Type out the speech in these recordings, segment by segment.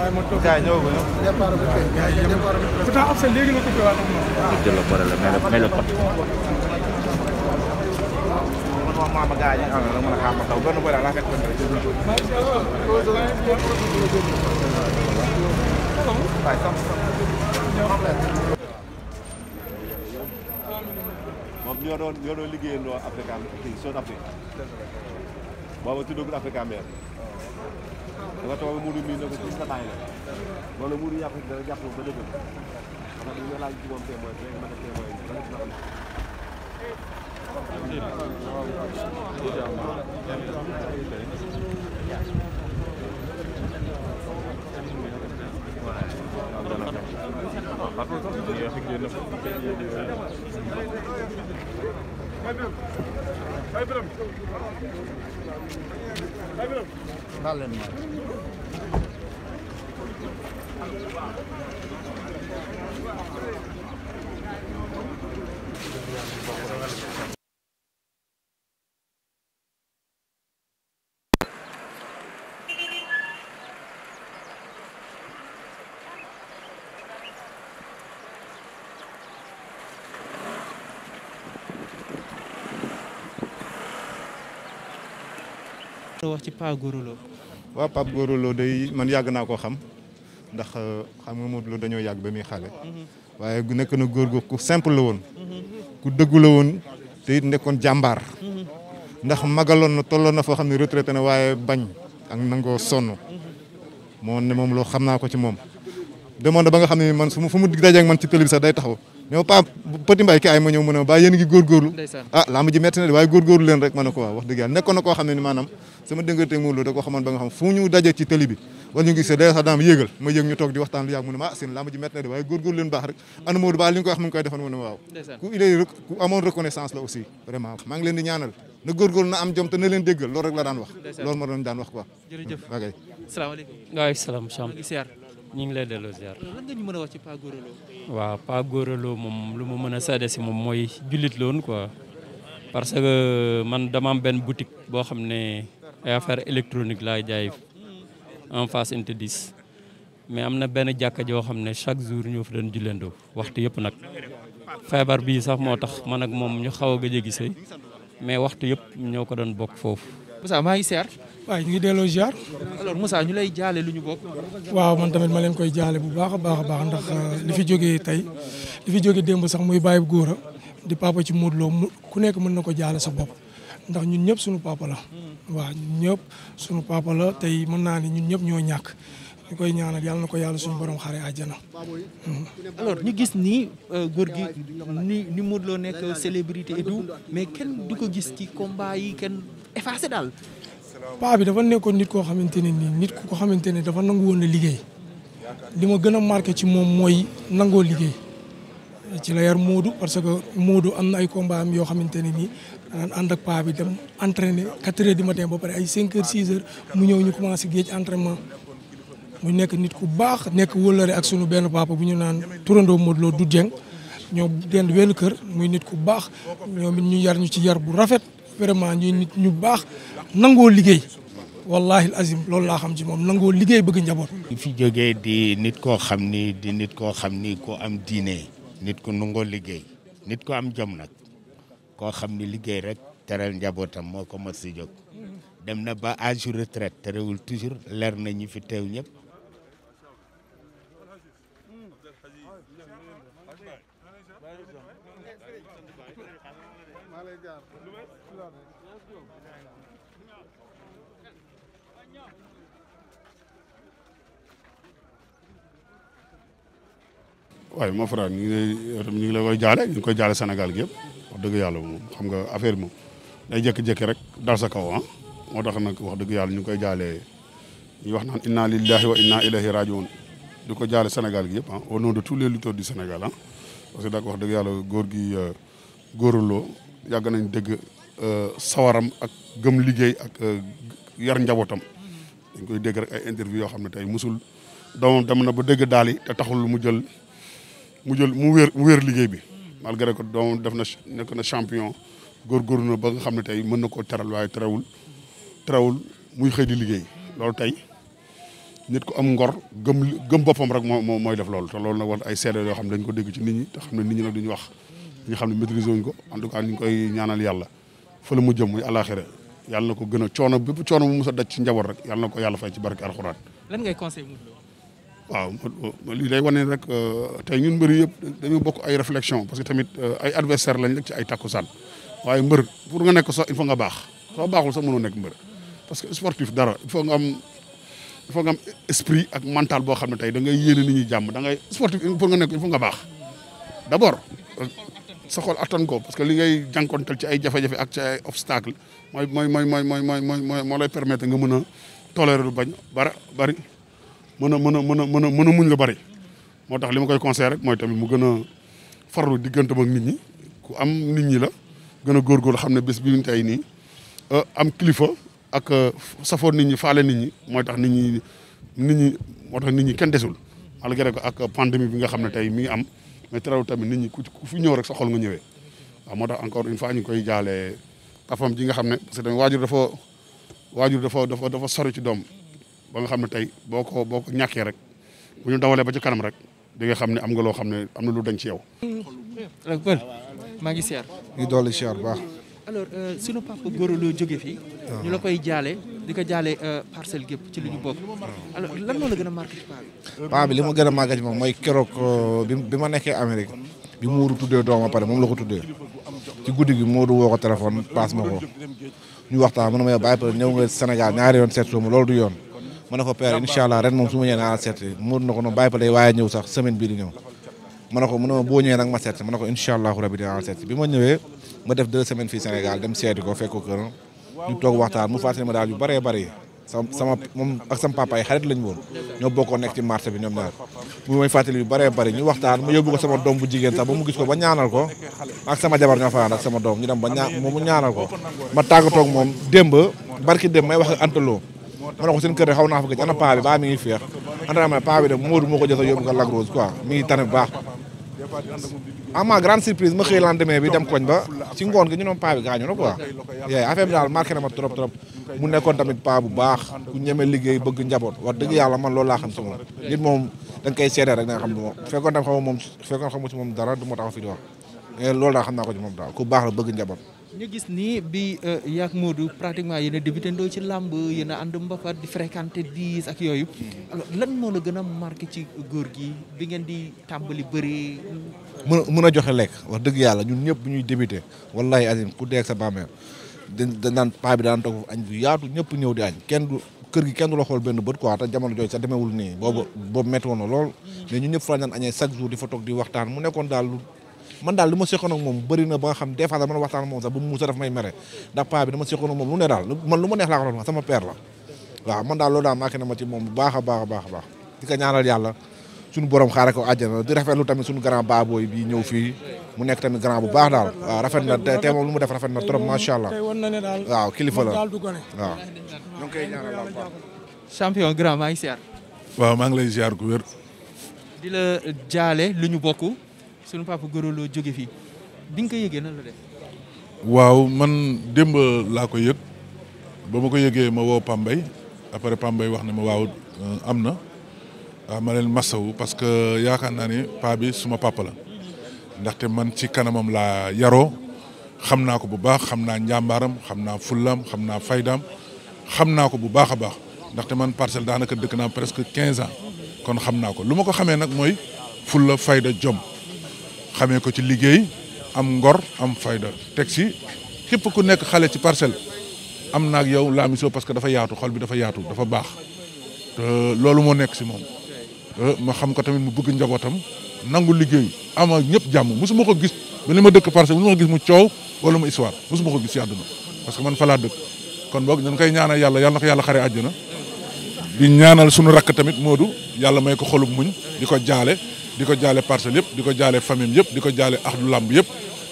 gars ñëw ba ñëw. pourtant ab sa léegi la coupé waat ak moom. waaw ah. jël la pare la may la may la pot. man wax maama gars yi ñu àndal rek mën a xaar ma taw benn boy daal laa fekk benn rek. moom ñoo doon ñoo doon liggéeyandoo Africa kii South Afrique booba tuddagul Africa Mer da nga toog Modou mii ne ko gis nga bàyyi la loolu Modou yàqu dana jàpp ba dëgg xam nga laaj ci moom témoin léegi ma ne témoin bi dana ci xam Thank you. daal leen wax ci Pape Gora Lo. waaw Pape day man yàgg naa ko xam ndax euh, xam nga Modou Lo dañoo yàgg ba muy xale. Mm-hmm. waaye nekk na góor gu ku simple la woon. ku dëggu la woon te it nekkoon jàmbaar. Mm-hmm. ndax magaloon na tolloon na foo xam ne retraité na waaye bañ ak nangoo sonn. Mm-hmm. moo ne moom loo xam naa ko ci moom. demoon na ba nga xam ne man su ma fu mu dajeeg man ci télé bi day taxaw. ñoo paa petit mbay ki ay ma ñëw mu ne ma baa yéen ngi góorgóorlu ah laa ma ji metti na de waaye góorgóorlu leen rek ma ne ko waaw wax dëgg yàlla nekkoon na koo xam ne ni maanaam sama dëngante Modou Lô da ko xamoon ba nga xam fu ñu daje ci tëli bi wala ñu ngi se day sax daam yéegal ma yéeg ñu toog di waxtaan lu yàgg mu ne ma ah seen laa ma ji metti na de waaye góorgóorlu leen baax rek ana Modou Ba li ñu koy wax mu ngi koy defoon mu ne ma waaw ku il est ku amoon reconnaissance la aussi vraiment maa ngi leen di ñaanal na góorgóorlu na am jom te na leen déggal loolu rek la daan wax loolu ma doon daan wax quoi jërëjëf salaamaaleykum ñu ngi lay delloo ziar. Eh, a wax ci Pa Gora waaw Pa moom lu ma mën a seede si moom mooy jullit loon woon quoi parce que man dama am benn boutique boo xam ne ay affaire électronique laay jaay en face unité 10 mais am na benn jàkka joo xam ne chaque jour ñoo fi doon julleendoo waxtu yëpp nag feebar bii sax moo tax ma nag moom ñu xaw a gëj a mais waxtu yëpp ñoo ko doon bokk foofu. waaye ñu ngi delloo ziar. alors Moussa ñu lay jaale lu ñu bokk. waaw man tamit ma leen koy jaale bu baax a baax a baax ndax euh, li fi jógee tey li fi jógee démb sax muy bàyyi góor a di papa ci loo Lo ku nekk mën na ko jaale sa bopp ndax ñun ñëpp suñu papa la. waaw ñëpp suñu papa la tey mën naa ni ñun ñëpp ñoo ñàkk ñu koy ñaanal yàlla na ko yàlla suñu borom xare àjjana. Hmm. alors ñu gis nii euh, góor gi ni ni Modou Lo nekk célébrité et tout mais kenn du ko gis ci combat yi kenn effacé daal. paa bi dafa nekkoon nit koo xamante ne nii nit ku ko xamante ne dafa nangu woon a liggéey li ma gën a marqué ci moom mooy nangoo liggéey ci la yar Moodu parce que Moodu am na ay combat am yoo xamante ne nii daan ànd ak paa bi dem entraîner 4 heures du matin ba pare ay 5 heures 6 heures mu ñëw ñu commencé géej entraînement mu nekk nit ku baax nekk wëllëre ak sunu benn papa bu ñu naan turandoo Modou Lo du Dieng ñoo dend wenn kër muy nit ku baax ñoom it ñu yar ñu ci yar bu rafet vraiment ñuy nit ñu baax nangoo liggéey wallahi azim loolu laa xam ci moom nangoo liggéey bëgg njaboot. fi jogee di nit koo xam ni di nit koo xam ni ku am diine nit ku nangoo liggéey nit ku am jom nag koo xam ni liggéey rek teral njabootam moo ko mos si dem na ba âge retraite terewul toujours leer na ñi fi teew ñëpp. maa lay jaar. waaye ma faral ñu ngi lay ñu ngi la koy jaale ñu ngi koy jaale Sénégal gi yëpp wax dëgg yàlla moom xam nga affaire bi moom day jékki-jékki rek daal sa kaw ah moo tax nag wax dëgg yàlla ñu ngi koy jaale ñu wax naan inna lillahi wa inna ilayhi rajiun di ko jaale Sénégal gi yëpp ah au nom de tous les lutteurs du Sénégal ah. parce que daag wax dëgg yàlla góor gi euh, góoruloo yàgg nañ dégg euh, sawaram ak gëm liggéey ak euh, yar njabootam dañ koy dégg rek ay interview yoo xam ne tey musul doomam dem na ba dégg daal te taxul mu jël mu jël mu wéer mu wéer liggéey bi malgré ko doomam def na nekk na champion góorgóorlu na ba nga xam ne tey mën na koo teral waaye terewul terewul muy xëy di liggéey loolu tey nit ku am ngor gëm gëm boppam rek moo mooy def loolu te loolu nag war ay seede yoo xam ne dañ ko dégg ci nit ñi te xam ne nit ñi nag wax ñi xam ne maîtriser wuñ ko en mu jëm muy àllaaxira na ko gën coono bépp coono bu mos a daj ci njaboot rek yàlla na ko yàlla fay ci barke alxuraan. lan ngay conseil mu rek euh, tey ñun mbër yëpp dañu bokk ay réflexion parce que tamit euh, ay lañ rek ci ay takkusaan waaye mbër pour nga nekk sax il faut baax soo baaxul sax mënoo nekk mbër parce que sportif dara il dafa nga am esprit ak mental boo xam ne tey da ngay yéene nit ñi jàmm da ngay sportif pour nga nekk il faut nga baax d' abord sa xol ko parce que li ngay jànkonteel ci ay jafe-jafe ak ci ay obstacle mooy mooy mooy mooy mooy mooy mooy mooy moo lay permetre nga mën a tolérer lu bañ bara bari mën a mën a mën a mën a mën a muñ la bari moo tax li ma koy conseillé rek mooy tamit mu gën a farlu diggante ak nit ñi ku am nit ñi la gën a góorgóorlu xam ne bés bi ñu tey nii euh, am kilifa ak euh, safoon nit ñi faale nit ñi mooy tax nit ñi nit ñi moo tax nit ñi kenn desul malgré que ak pandémie bi nga xam ne tey mi ngi am mais terew tamit nit ñi ku fi ñëw rek sa nga ñëwee waaw moo tax encore une fois ñu koy jaalee papam ji nga xam ne parce que tamit waajur dafa waajur dafa dafa dafa sori ci doom ba nga xam ne tey boo ko boo ko ñàkkee rek bu ñu dawalee ba ci kanam rek di nga xam ne am nga loo xam ne am na lu dañ ci yow. maa ngi siyaar. ñu dolli siyaar alors euh, sunu papa Gora Lo jóge fii. Ah. ñu la koy jaale di ko jaale euh, parcelle gépp ci li ñu bokk. alors lan moo la gën a marqué ci bi. li ma gën a marqué ci mooy keroog euh, bi bi ma nekkee Amérique bi Moodu tuddee doom a pare moom la ko tuddee ci guddi gi Moodu woo ko téléphone paas ma ko ñu waxtaan man ma yow bàyyi pare ñëw nga Sénégal ñaari yoon seet suma loolu du yoon. ma ne ko père incha allah ren moom su ma ñëwee ko noonu bàyyi pare waaye ñëw sax semaine bii di ñëw ma ne ko mu ne ma nag ma seet ma ne ko incha allahu rabi dinaa la seet ma ñëwee ma def deux semaine fii Sénégal dem seeti ko fekk ko këram ñu toog waxtaan mu fàttali ma daal yu bëree bëri sama sama moom ak sama papa yi xarit lañ woon ñoo bokkoon nekk ci marché bi ñoom ñaar mu may fàttali yu bëree bëri ñu waxtaan mu yóbbu ko sama doom bu jigéen sax ba mu gis ko ba ñaanal ko ak sama jabar ñoo fanaan ak sama doom ñu dem ba ñaa mu ñaanal ko ma tàggatoog moom démb barki démb may wax ak antaloo ma ne ko seen kër rek xaw naa fa gëj ana paa bi baa mi ngi feex anda ma ne paa bi moo ko jël yóbbu ko Lac Rose quoi ngi tane bu baax à ma grande surprise ma xëy lendemain bi dem koñ ba ci ngoon gi ñu noom paa gaañu na quoi yee affaire daal marqué na ma trop trop mu nekkoon tamit paa baax ku ñeme liggéey bëgg njaboot wax dëgg yàlla man loolu laa xam si moom nit moom da nga koy seede rek da nga xam du fekkoon xamu moom dara du ma taxaw fi di wax eh, loolu daal xam naa ko ci moom daal ku baax la bëgg njaboot ñu gis nii bi euh, yaag moodu pratiquement yéen a débuté ci làmb yéen a ànd mbapat di fréquenté diis ak yooyu alors lan moo la gën a marqué ci góor gi bi ngeen di tàmbali bëri mën mën a joxe lekk wax dëgg yàlla ñun ñëpp bu ñuy débuté wallahi azim ku deeg sa bàmmeel da daan paa bi daan toog añ bi yaatu ñëpp ñëw di añ kenn du kër gi kenn du la xool benn bët quoi te jamono jooju sax demeewul nii boobu boobu lool mm. mais ñun ñëpp fa daan añee chaque jour di fa toog di waxtaan mu nekkoon daal man daal li ma seqoon ak moom bëri na ba nga xam des fois dama waxtaan ak moom sax ba mu musa may mere ndax paa bi dama seqoon ak moom lu ne daal man lu ma neex laa ko doon wax sama père la man daal loolu daal marqué na ma ci moom bu baax a baax a baax a baax di ko ñaanal yàlla suñu borom xaare ko àjjana di rafetlu tamit suñu grand baabooy bi ñëw fii mu nekk bu baax daal waaw rafet na te moom lu mu def rafet na trop macha allah waaw kilifa la waaw ñu ngi koy maa ngi siyaar waaw maa ngi lay siyaar ku wér di lu ñu bokk suñu papa Gora loo jóge fii bi nga ko yëgee nan la def. waaw man démb laa ko yëg ba ma ko yëgee ma woo Pambay après Pambay wax na ma waaw euh, am na waaw ah, ma leen masawu parce que yaakaar naa ni paa bi suma papa la ndaxte man ci kanamam laa yaro xam naa ko bu baax xam naa njàmbaaram xam naa fullaam xam naa faydam xam naa ko bu baax a baax ndaxte man parcelle daanaka dëkk naa presque quinze ans kon xam naa ko lu ma ko xamee nag mooy fulla fayda jom xamee ko ci liggéey am ngor am fayda teg si képp ku nekk xale ci parcelle am naag yow la mission parce que dafa yaatu xol bi dafa yaatu dafa baax te loolu moo nekk si moom ma xam ko tamit mu bëgg njabootam nangu liggéey ama ñëpp jàmm mosuma ko gis ba li ma dëkk parcelle mosuma ko gis mu coow wala mu histoire mosuma ko gis si àdduna parce que man falaa laa dëkk kon boog dañ koy ñaanal yàlla yàlla na ko yàlla xare àjjana di ñaanal sunu rakk tamit Modou yàlla may ko xolub muñ di ko jaale di ko jaale parcelles yëpp di ko jaale famille yëpp di ko jaale axdu làmb yëpp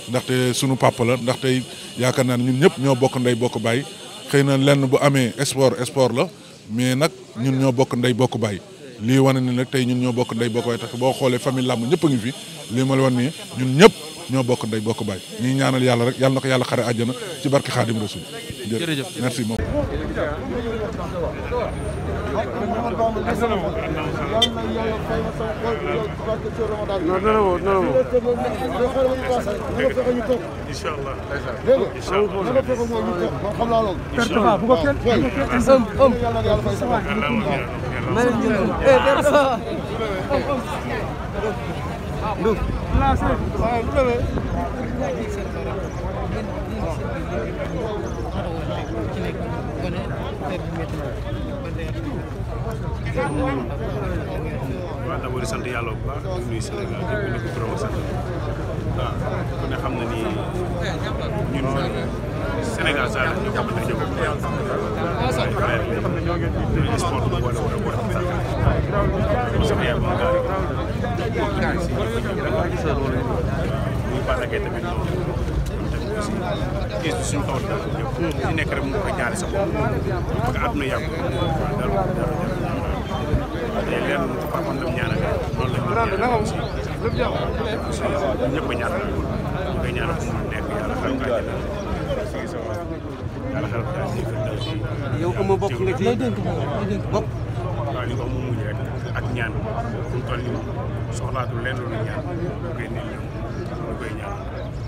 ndaxte sunu papa la ndaxte yaakaar naa ne ñun ñëpp ñoo bokk ndey bokk baay xëy na lenn bu amee sport sport la mais nag ñun ñoo bokk ndey bokk baay lii wane ne tey ñun ñoo bokk ndey bokk baay tax boo xoolee famille làmb ñëpp a ngi fi lii ma la wan nii ñun ñëpp ñoo bokk ndey bokk baay ñuy ñaanal yàlla rek yàlla na ko yàlla xare àjjana ci barki xaadim rasul jërëjëf merci moom yàlla na yàlla fay ma sama xol ci barke ci Ramadan non dana woo dana woo do xol bu passé do fexe ñu toog inshallah dégg nga inshallah do fexe mooy ñu toog man xam naa loolu pertema bu ko kenn am am yàlla na yàlla fay sama ma leen ñu eh pertema do la sé waaw lu demee ci nekk waaw d'abord sant yàlla bu baax di Sénégal yëpp di ko gërëm sant waaw ah, ku ne xam na ni ñun Sénégal saa ñu xamante ne ñoom ñoo ngi sport bu boole wala boole bu tàkk. waaw sama yaay moom daal di ñu ngi gis bi nekk rek mu ko jaale sa bopp parce que àdduna yàgg leen ko am lam ñaanal loolu la ñëpp a ñaanal nga ñaanal fu mu nekk yàlla xal ko àjjana yàlla xal ko àjjana ama bokk nga ci bokk waaw li nga mu muñ ak ñaan fu mu toll nii soxlaatul lenn lu ñaan koy nit koy ñaan